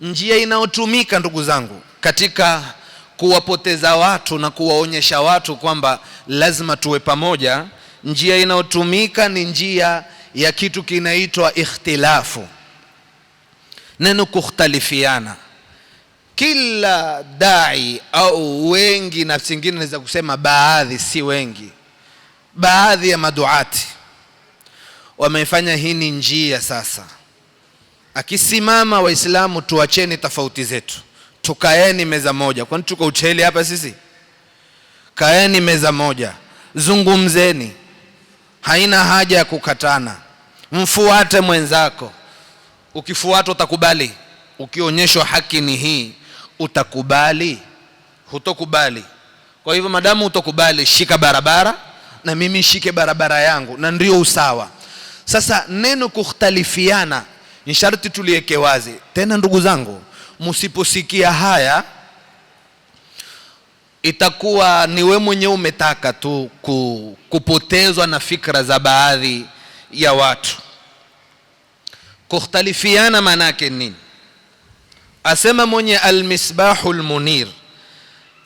Njia inayotumika ndugu zangu, katika kuwapoteza watu na kuwaonyesha watu kwamba lazima tuwe pamoja, njia inayotumika ni njia ya kitu kinaitwa ikhtilafu, neno kukhtalifiana. Kila dai au wengi, na nyingine naweza kusema baadhi, si wengi, baadhi ya maduati wamefanya hii ni njia sasa Akisimama Waislamu, tuacheni tofauti zetu, tukaeni meza moja. Kwani tuko ucheli hapa sisi? Kaeni meza moja, zungumzeni, haina haja ya kukatana. Mfuate mwenzako, ukifuata utakubali. Ukionyeshwa haki ni hii, utakubali, hutokubali. Kwa hivyo madamu utokubali, shika barabara na mimi shike barabara yangu, na ndio usawa. Sasa neno kukhtalifiana ni sharti tulieke wazi. Tena ndugu zangu, msiposikia haya itakuwa ni we mwenyewe umetaka tu ku, kupotezwa na fikra za baadhi ya watu. Kukhtalifiana maana yake nini? Asema mwenye Almisbahu Lmunir,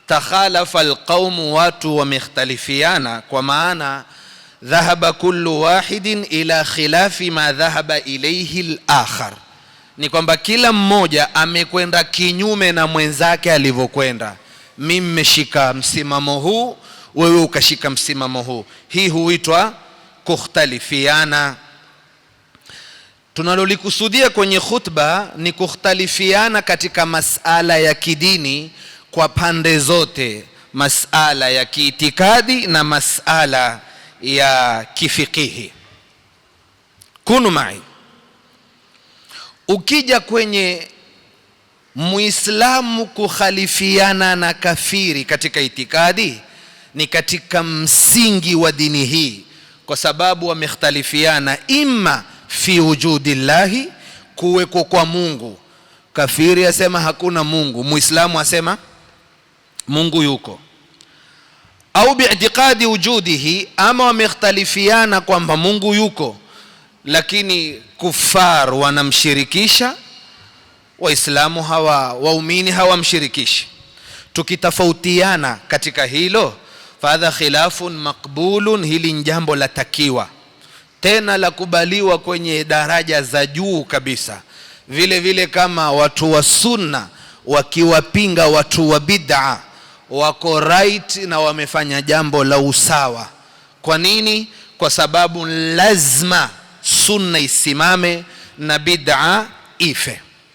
takhalafa alqaumu, watu wamekhtalifiana kwa maana dhahaba kullu wahidin ila khilafi ma dhahaba ilayhi al-akhar, ni kwamba kila mmoja amekwenda kinyume na mwenzake alivyokwenda. Mimi mmeshika msimamo huu, wewe ukashika msimamo huu. Hii huitwa kukhtalifiana. Tunalolikusudia kwenye khutba ni kukhtalifiana katika masala ya kidini kwa pande zote, masala ya kiitikadi na masala ya kifikihi. Kunu mai, ukija kwenye muislamu kukhalifiana na kafiri katika itikadi ni katika msingi wa dini hii, kwa sababu wamekhtalifiana imma fi wujudi llahi, kuweko kwa Mungu. Kafiri asema hakuna Mungu, muislamu asema Mungu yuko au biitiqadi wujudihi, ama wamekhtalifiana kwamba Mungu yuko, lakini kufar wanamshirikisha, Waislamu hawa waumini hawamshirikishi. Tukitafautiana katika hilo, fahadha khilafun maqbulun, hili ni jambo la takiwa tena la kubaliwa kwenye daraja za juu kabisa. Vile vile kama watu wa sunna wakiwapinga watu wa bid'a wako right na wamefanya jambo la usawa. Kwa nini? Kwa sababu lazima sunna isimame na bid'a ife.